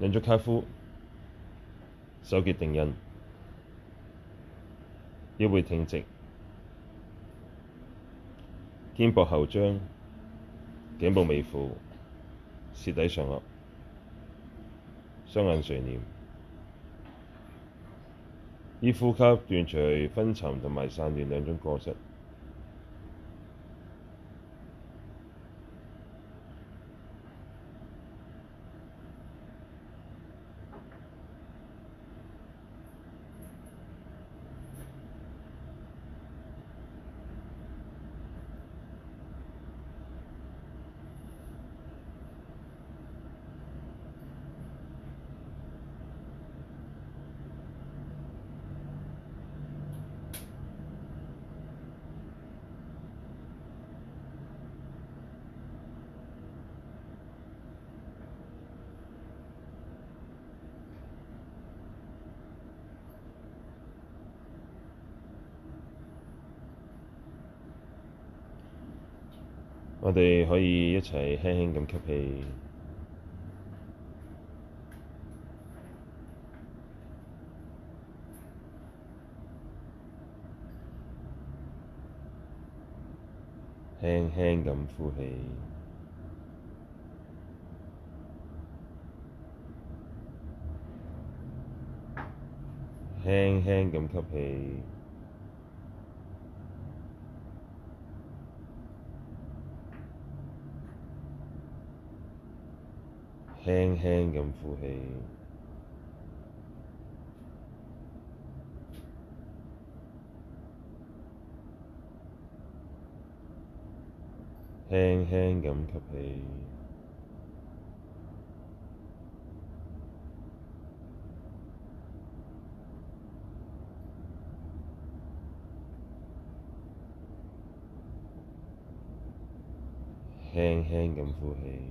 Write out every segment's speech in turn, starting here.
兩足跏趺，手結定印，腰背挺直，肩膊後張，頸部微負，舌抵上腭，雙眼垂簾。依呼吸斷除昏沉同埋散亂兩種過失。可以一齊輕輕咁吸氣，輕輕咁呼氣，輕輕咁吸氣。輕輕咁呼氣，輕輕咁吸氣，輕輕咁呼氣。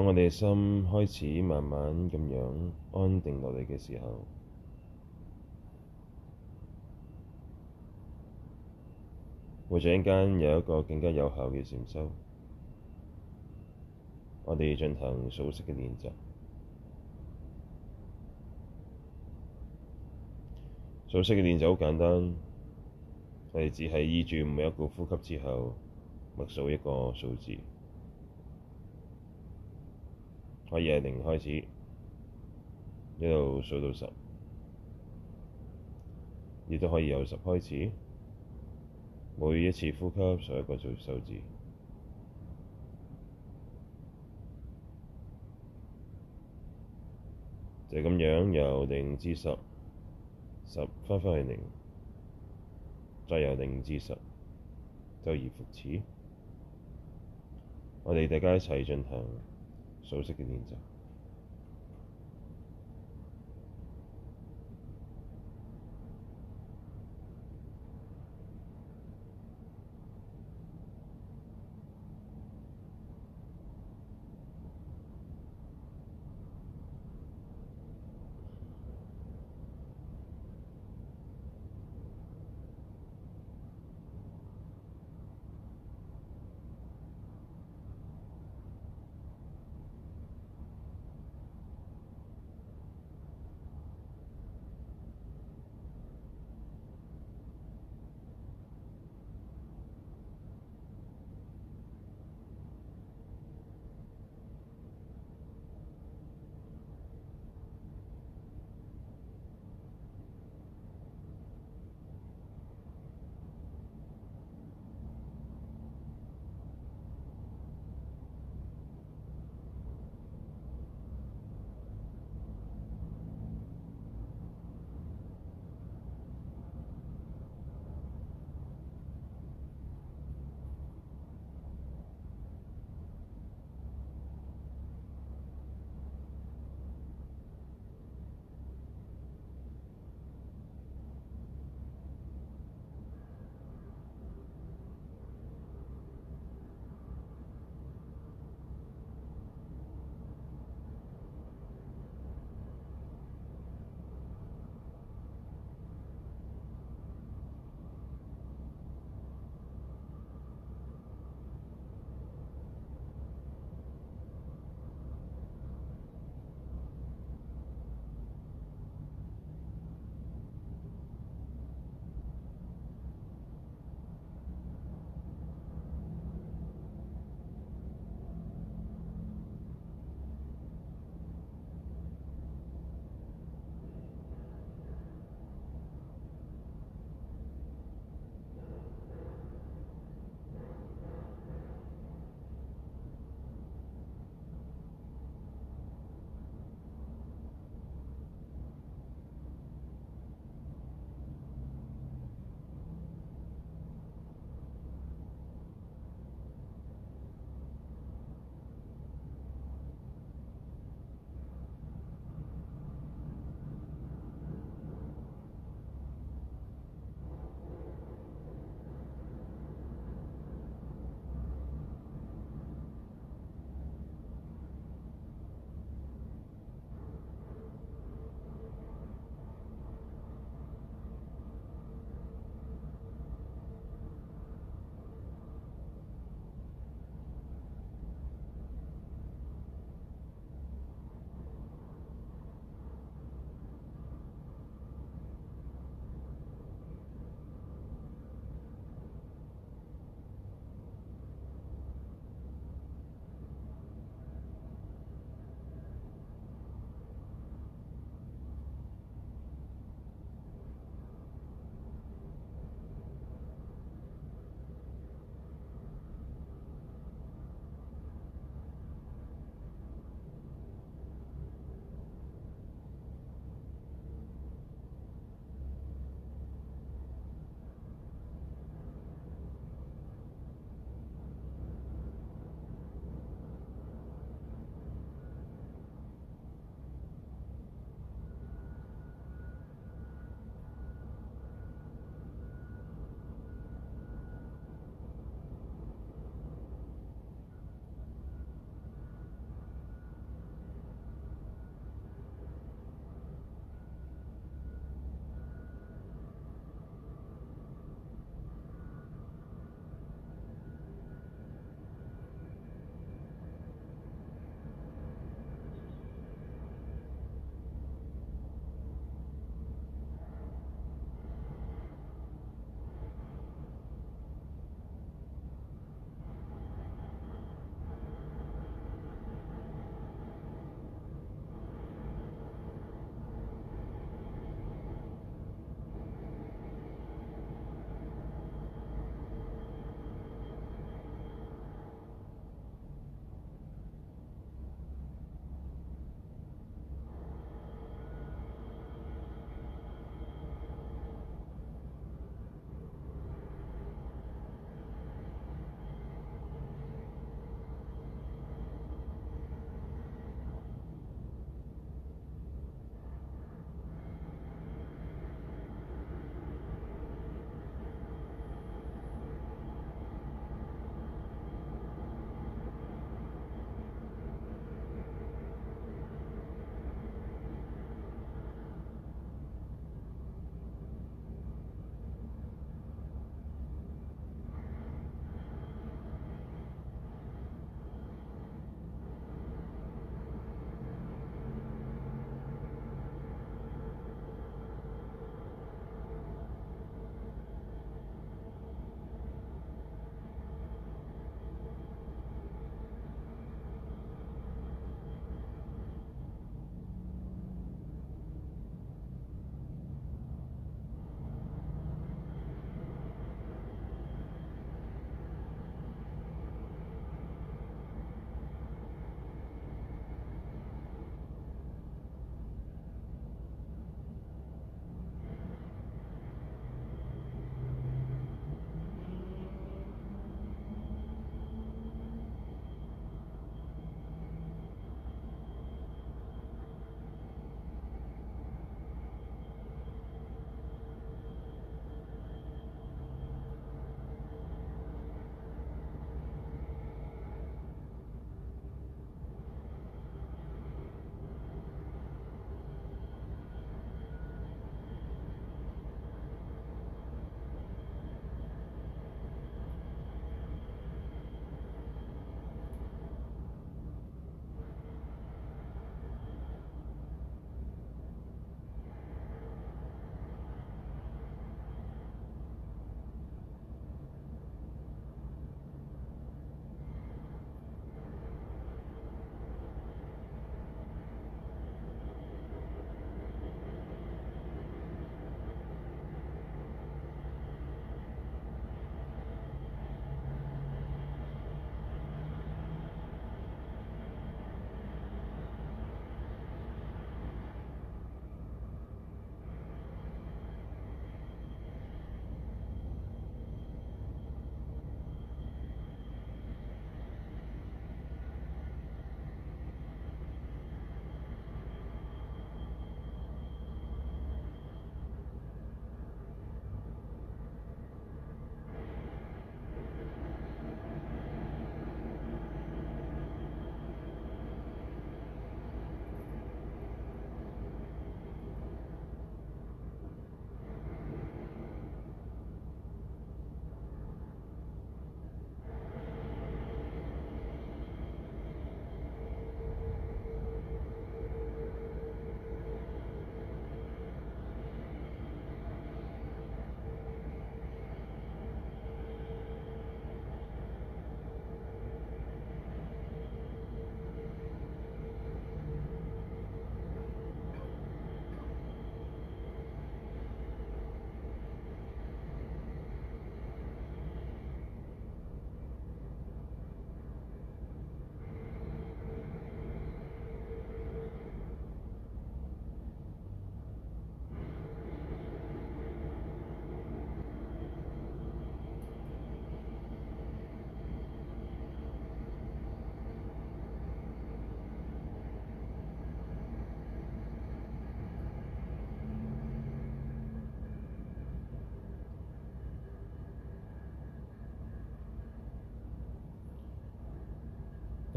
當我哋心開始慢慢咁樣安定落嚟嘅時候，會陣間有一個更加有效嘅禪修。我哋要進行數息嘅練習。數息嘅練習好簡單，我哋只係依住每一個呼吸之後，默數一個數字。可以係零開始，一路數到十，亦都可以由十開始。每一次呼吸數一個數數字，就咁樣由零至十，十翻返去零，再由零至十，周而復始。我哋大家一齊進行。熟悉的練習。So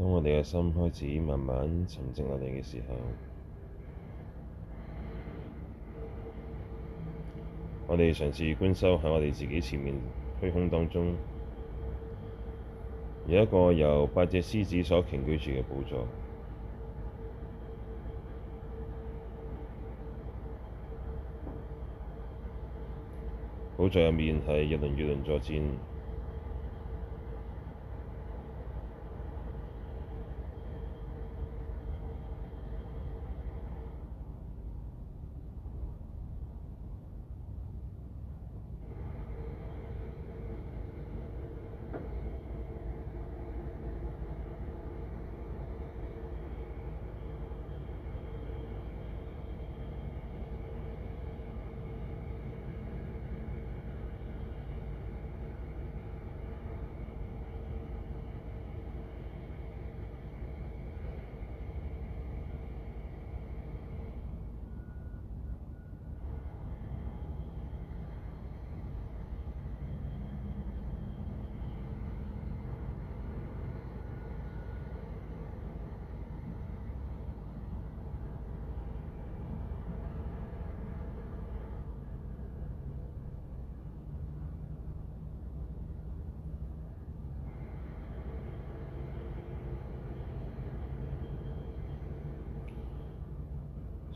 當我哋嘅心開始慢慢沉靜落嚟嘅時候，我哋嘗試觀修喺我哋自己前面虛空當中，有一個由八隻獅子所棲居住嘅寶座，寶座入面係日輪月輪作戰。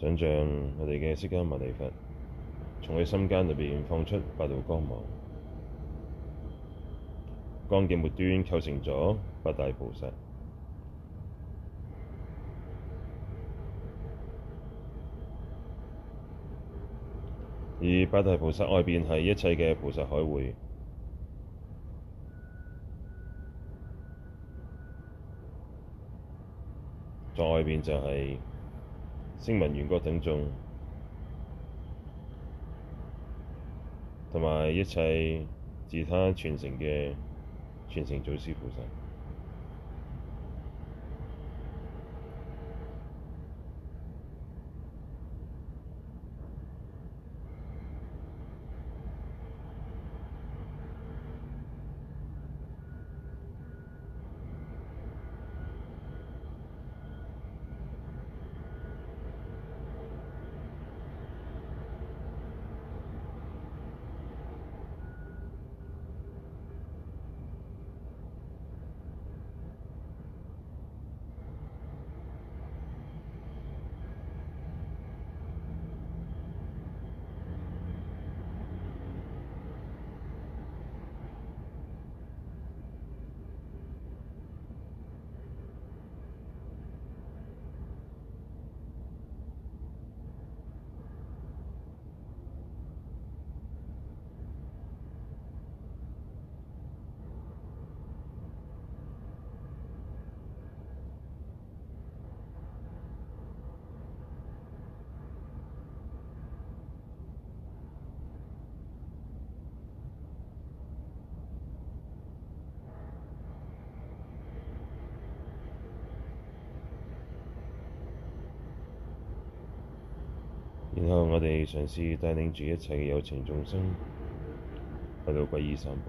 想象我哋嘅釋迦牟尼佛從佢心間裏邊放出八道光芒，光嘅末端構成咗八大菩薩，而八大菩薩外邊係一切嘅菩薩海會，再外邊就係、是。聲聞緣覺等眾，同埋一切自他傳承嘅傳承祖師菩薩。嘗試帶領住一切嘅有情眾生去到皈依三寶。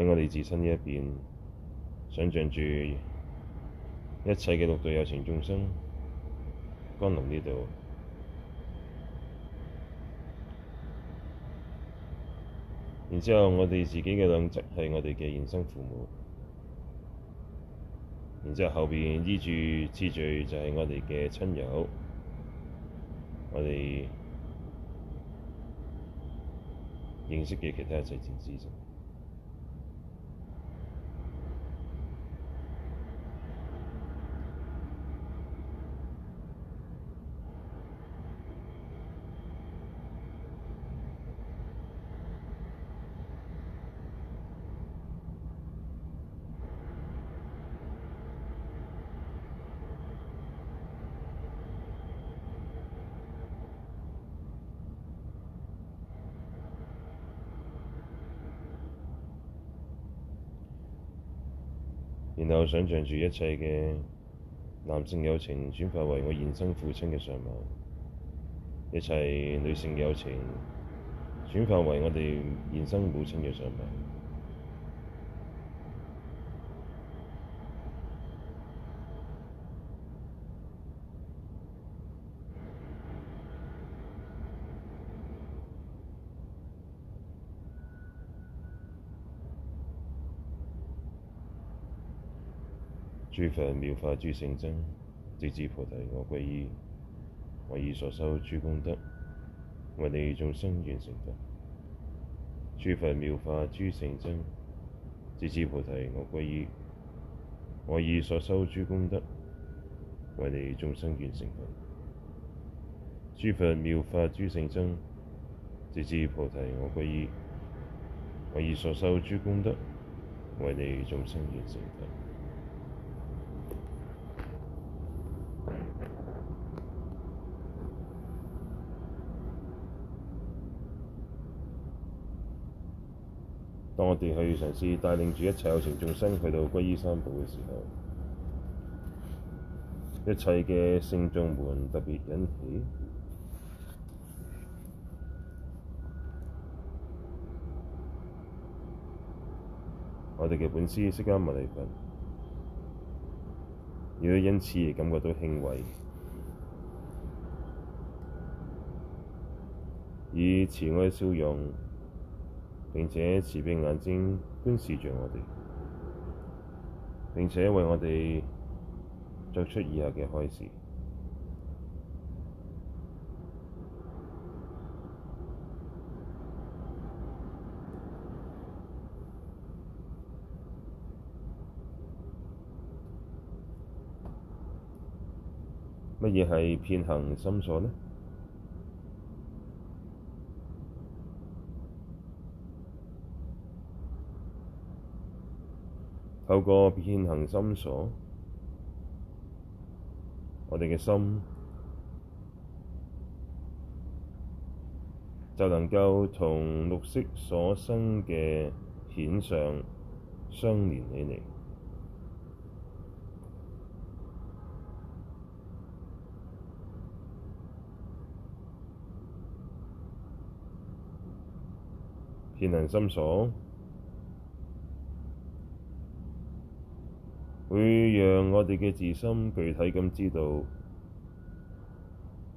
喺我哋自身呢一邊，想像住。一切嘅六道有情眾生，光臨呢度。然之後，我哋自己嘅兩側係我哋嘅現生父母。然之後後邊依住次序就係我哋嘅親友，我哋認識嘅其他一切有情眾我想象住一切嘅男性有情轉化為我現生父親嘅相貌，一切女性有情轉化為我哋現生母親嘅相貌。諸佛妙法諸聖僧，直至菩提我皈依。我以所修諸功德，為你眾生願成佛。諸佛妙法諸聖僧，直至菩提我皈依。我以所修諸功德，為你眾生願成佛。諸佛妙法諸聖僧，直至菩提我皈依。我以所修諸功德，為你眾生願成佛。當我哋去嘗試帶領住一切有情眾生去到歸依三寶嘅時候，一切嘅聖眾們特別欣喜我哋嘅本師釋迦牟尼佛，亦都因此而感覺到欣慰，以慈愛笑容。並且慈悲眼睛觀視著我哋，並且為我哋作出以下嘅開示：乜嘢係遍行心所呢？透過遍行心所，我哋嘅心就能夠同綠色所生嘅顯相相連起嚟。遍行心所。會讓我哋嘅自心具體咁知道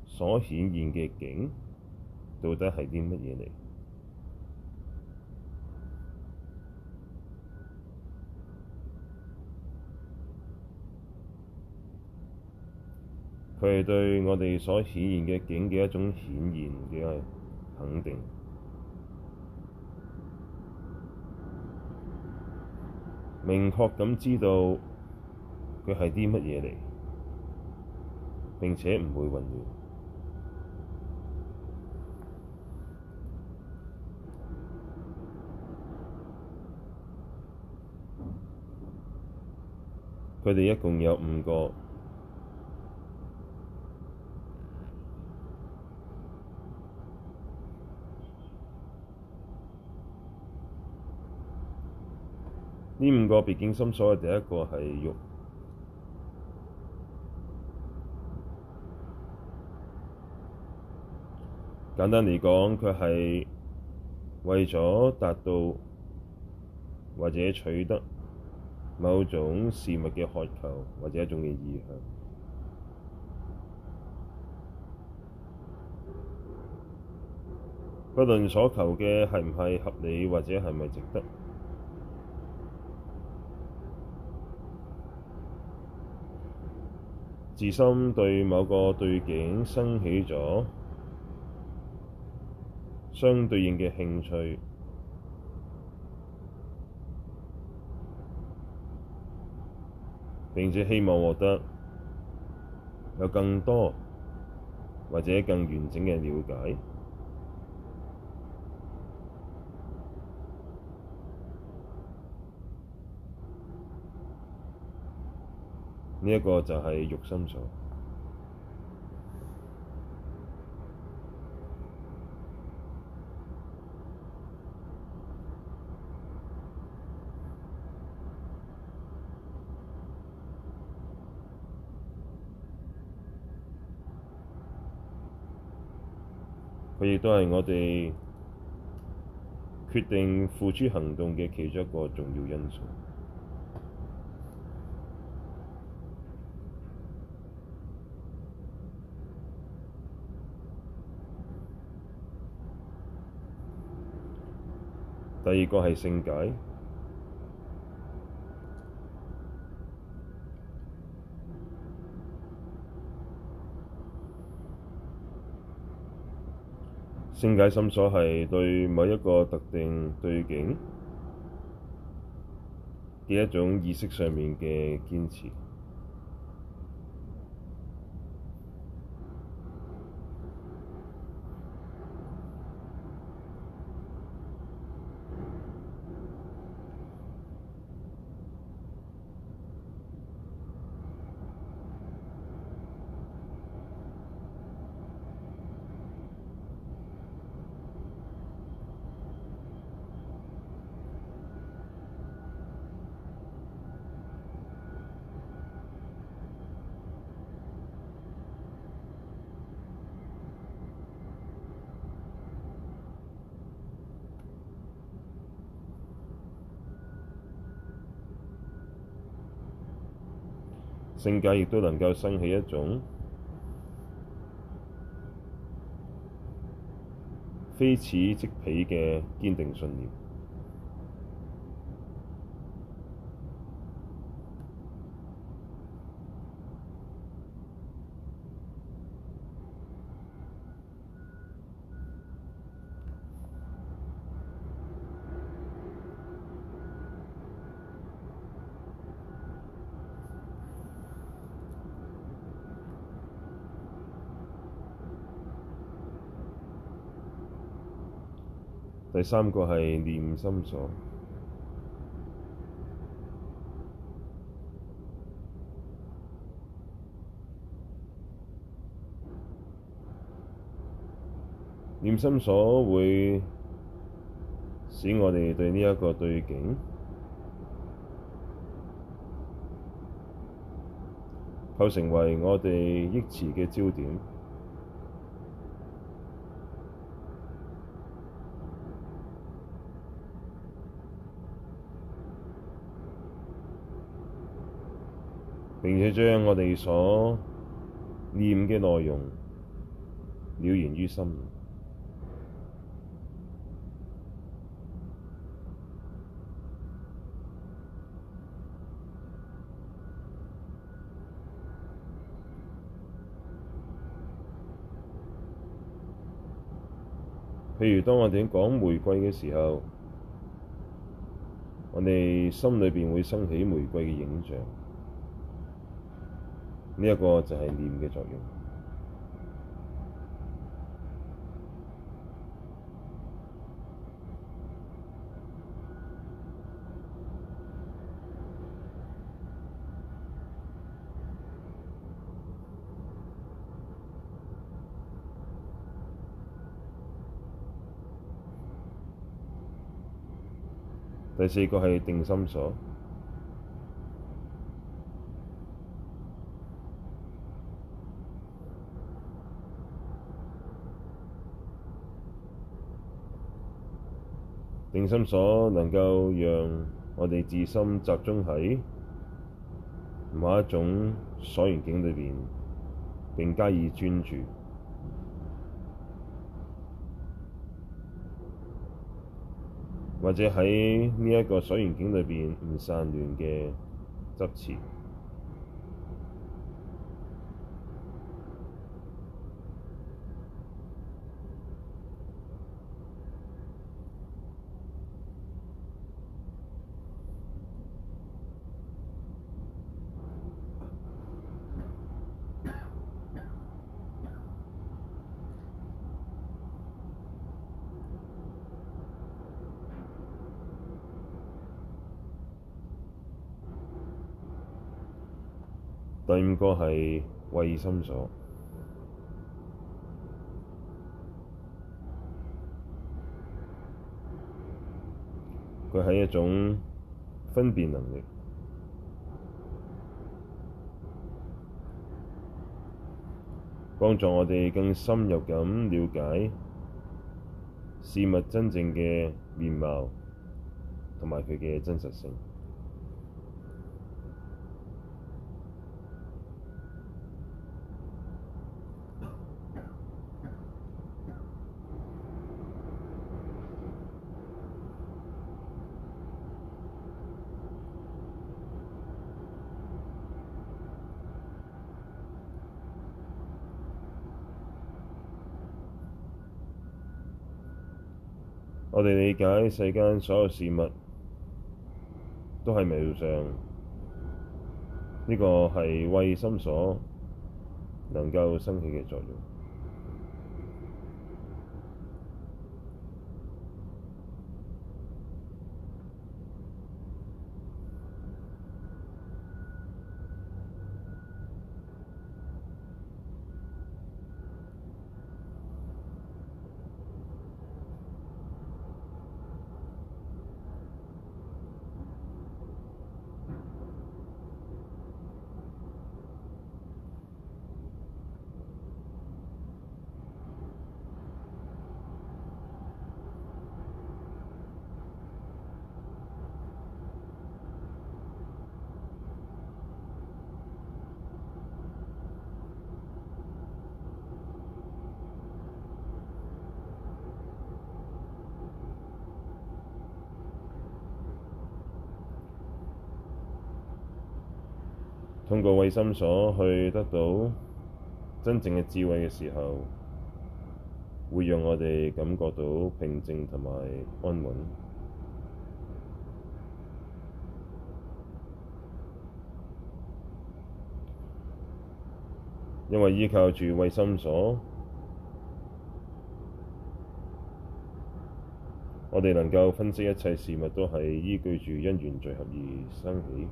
所顯現嘅境到底係啲乜嘢嚟？佢係對我哋所顯現嘅境嘅一種顯現嘅肯定，明確咁知道。佢係啲乜嘢嚟？並且唔會混亂。佢哋一共有五個。呢五個別境心所嘅第一個係欲。簡單嚟講，佢係為咗達到或者取得某種事物嘅渴求，或者一種嘅意向。不論所求嘅係唔係合理，或者係咪值得，自心對某個對境生起咗。相對應嘅興趣，並且希望獲得有更多或者更完整嘅了解。呢、這、一個就係慾心所。都係我哋決定付出行動嘅其中一個重要因素。第二個係勝解。正解心所係對某一個特定對境嘅一種意識上面嘅堅持。勝解亦都能夠生起一種非此即彼嘅堅定信念。第三個係念心所，念心所會使我哋對呢一個對境，構成為我哋意識嘅焦點。並且將我哋所念嘅內容了然於心。譬如當我哋講玫瑰嘅時候，我哋心裏邊會升起玫瑰嘅影像。呢一個就係念嘅作用。第四個係定心所。定心所能夠讓我哋自心集中喺某一種所緣境裏邊，並加以專注，或者喺呢一個所緣境裏邊唔散亂嘅執持。個係慧心所，佢係一種分辨能力，幫助我哋更深入咁了解事物真正嘅面貌同埋佢嘅真實性。世間所有事物都係無常，呢、這個係慧心所能夠升起嘅作用。通過慧心所去得到真正嘅智慧嘅時候，會讓我哋感覺到平靜同埋安穩，因為依靠住慧心所，我哋能夠分析一切事物都係依據住因緣聚合而生起。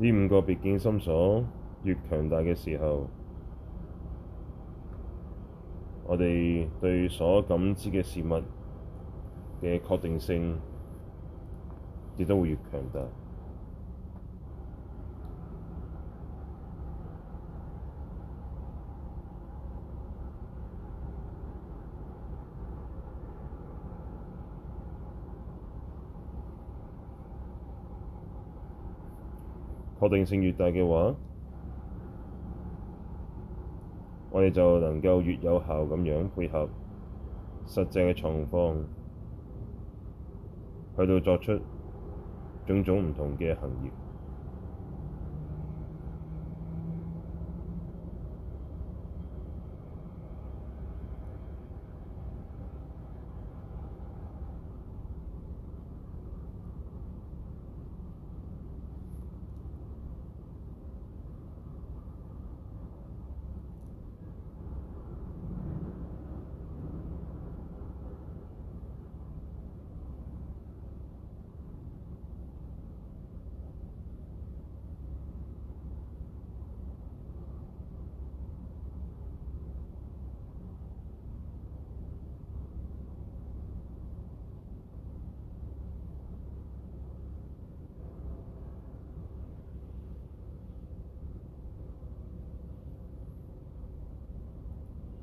呢五個別境心所越強大嘅時候，我哋對所感知嘅事物嘅確定性亦都會越強大。確定性越大嘅話，我哋就能夠越有效咁樣配合實際嘅狀況，去到作出種種唔同嘅行業。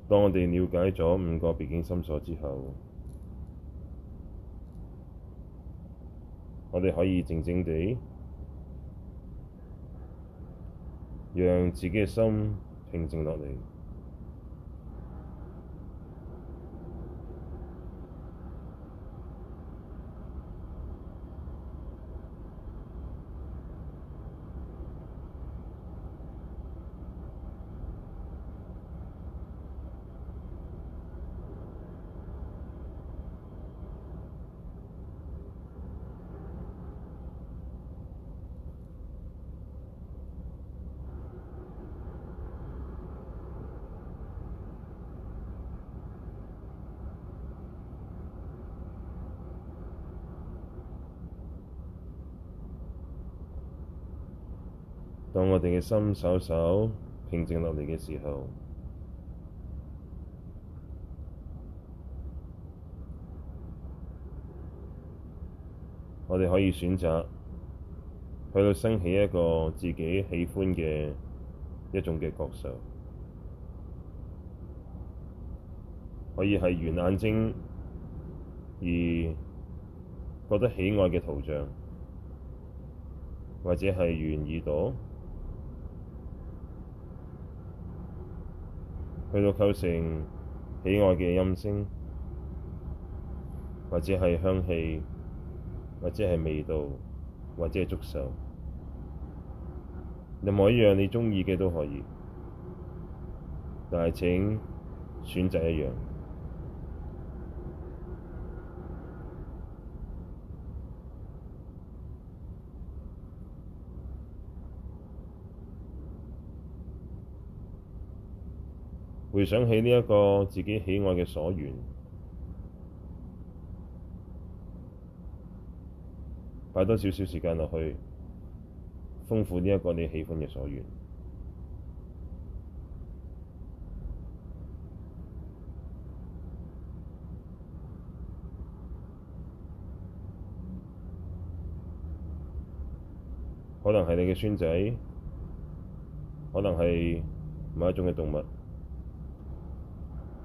當我哋了解咗五個別境心所之後，我哋可以靜靜地讓自己嘅心平靜落嚟。我哋嘅心稍稍平靜落嚟嘅時候，我哋可以選擇去到生起一個自己喜歡嘅一種嘅角色，可以係緣眼睛而覺得喜愛嘅圖像，或者係緣耳朵。佢都構成喜愛嘅音聲，或者係香氣，或者係味道，或者係觸手，任何一樣你鍾意嘅都可以，但係請選擇一樣。回想起呢一個自己喜愛嘅所緣，擺多少少時間落去豐富呢一個你喜歡嘅所緣，可能係你嘅孫仔，可能係某一種嘅動物。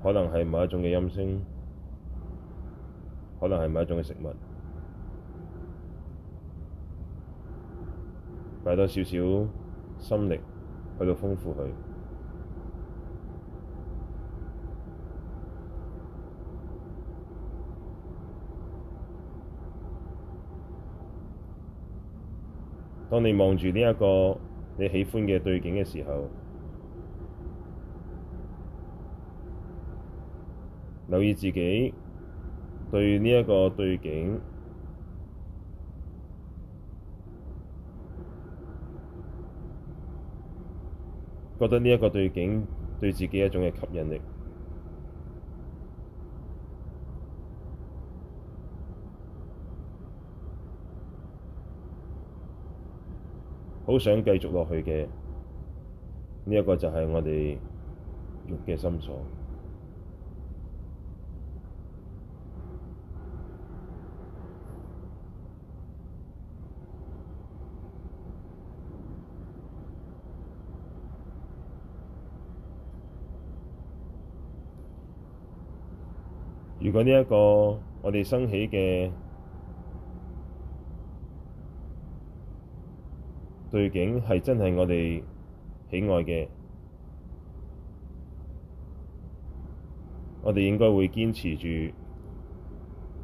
可能係某一種嘅音聲，可能係某一種嘅食物，擺多少少心力去到豐富佢。當你望住呢一個你喜歡嘅對景嘅時候，留意自己對呢一個對境， 覺得呢一個對境對自己一種嘅吸引力繼，好想繼續落去嘅呢一個就係我哋欲嘅心所。如果呢一個我哋生起嘅對景係真係我哋喜愛嘅，我哋應該會堅持住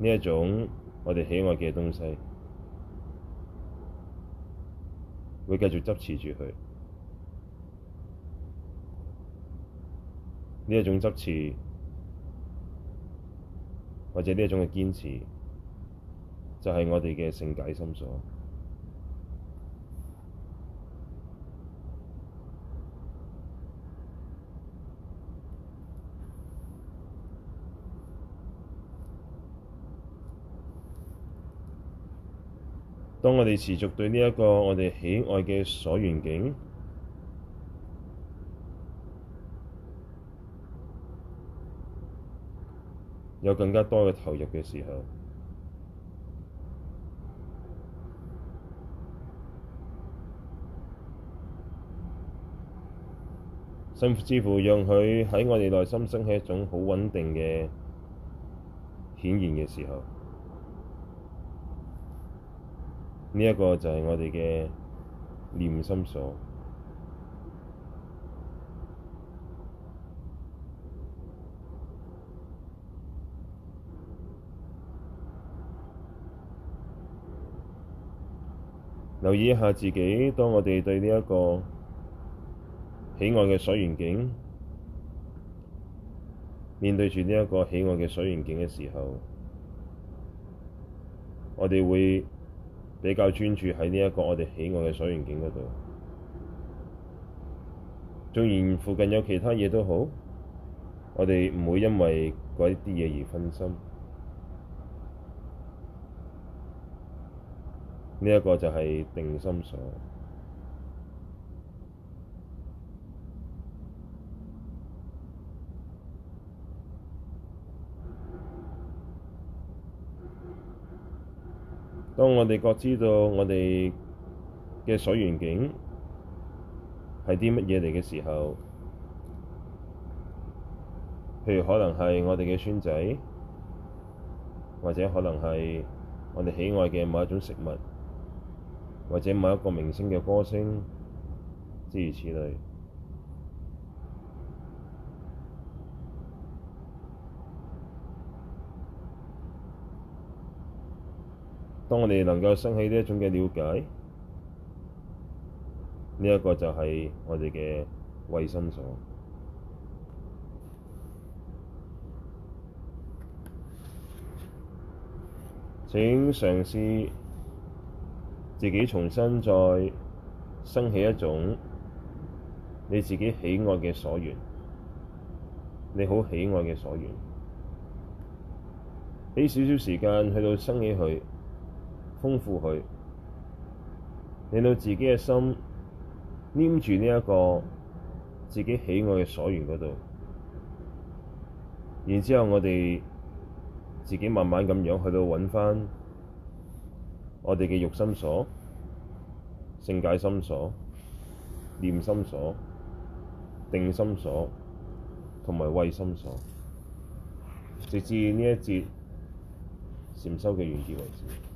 呢一種我哋喜愛嘅東西，會繼續執持住佢。呢一種執持。或者呢一種嘅堅持，就係、是、我哋嘅勝解心所。當我哋持續對呢一個我哋喜愛嘅所緣境，有更加多嘅投入嘅時候，甚至乎讓佢喺我哋內心升起一種好穩定嘅顯現嘅時候，呢一個就係我哋嘅念心所。留意一下自己，當我哋對呢一個喜愛嘅所緣境，面對住呢一個喜愛嘅所緣境嘅時候，我哋會比較專注喺呢一個我哋喜愛嘅所緣境嗰度。縱然附近有其他嘢都好，我哋唔會因為嗰啲嘢而分心。呢一個就係定心所。當我哋覺知到我哋嘅所緣境係啲乜嘢嚟嘅時候，譬如可能係我哋嘅孫仔，或者可能係我哋喜愛嘅某一種食物。或者某一個明星嘅歌聲，諸如此類。當我哋能夠升起呢一種嘅了解，呢、這、一個就係我哋嘅勝解。請嘗試。自己重新再生起一種你自己喜愛嘅所緣，你好喜愛嘅所緣，畀少少時間去到生起佢，豐富佢，令到自己嘅心黏住呢一個自己喜愛嘅所緣嗰度，然之後我哋自己慢慢咁樣去到搵返。我哋嘅欲心所、勝解心所、念心所、定心所同埋慧心所，直至呢一節禪修嘅完結為止。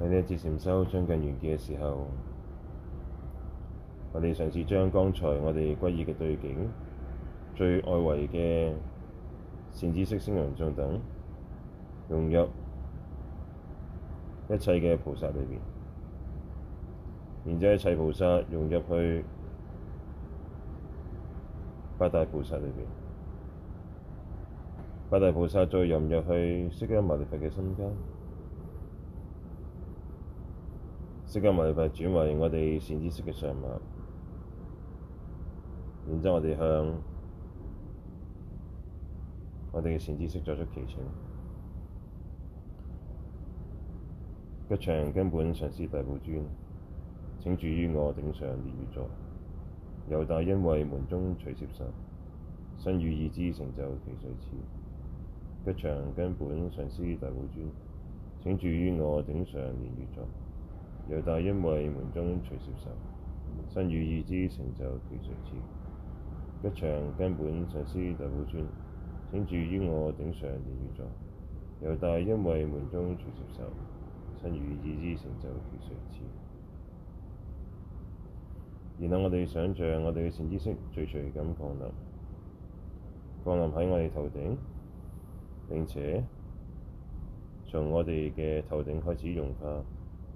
喺呢一節禪修將近完結嘅時候，我哋嘗試將剛才我哋皈依嘅對景、最外圍嘅善知識中、星雲上等融入一切嘅菩薩裏面，然之後一切菩薩融入去八大菩薩裏面，八大菩薩再融入去釋迦牟尼佛嘅心間。息嘅物業費轉為我哋善知識嘅上物，然之後我哋向我哋嘅善知識作出祈請，吉祥根本上師大寶尊，請住於我頂上蓮月座，由大因位門中取攝受，身與意知成就其瑞齒，吉祥根本上師大寶尊，請住於我頂上蓮月座。又大因為門中隨接受，身與意之成就決誰似？一唱根本上師大寶尊，請住於我頂上蓮月座。又大因為門中隨接受，身與意之成就決誰似？然後我哋想象我哋嘅善知識徐徐咁降落，降落喺我哋頭頂，並且從我哋嘅頭頂開始融化。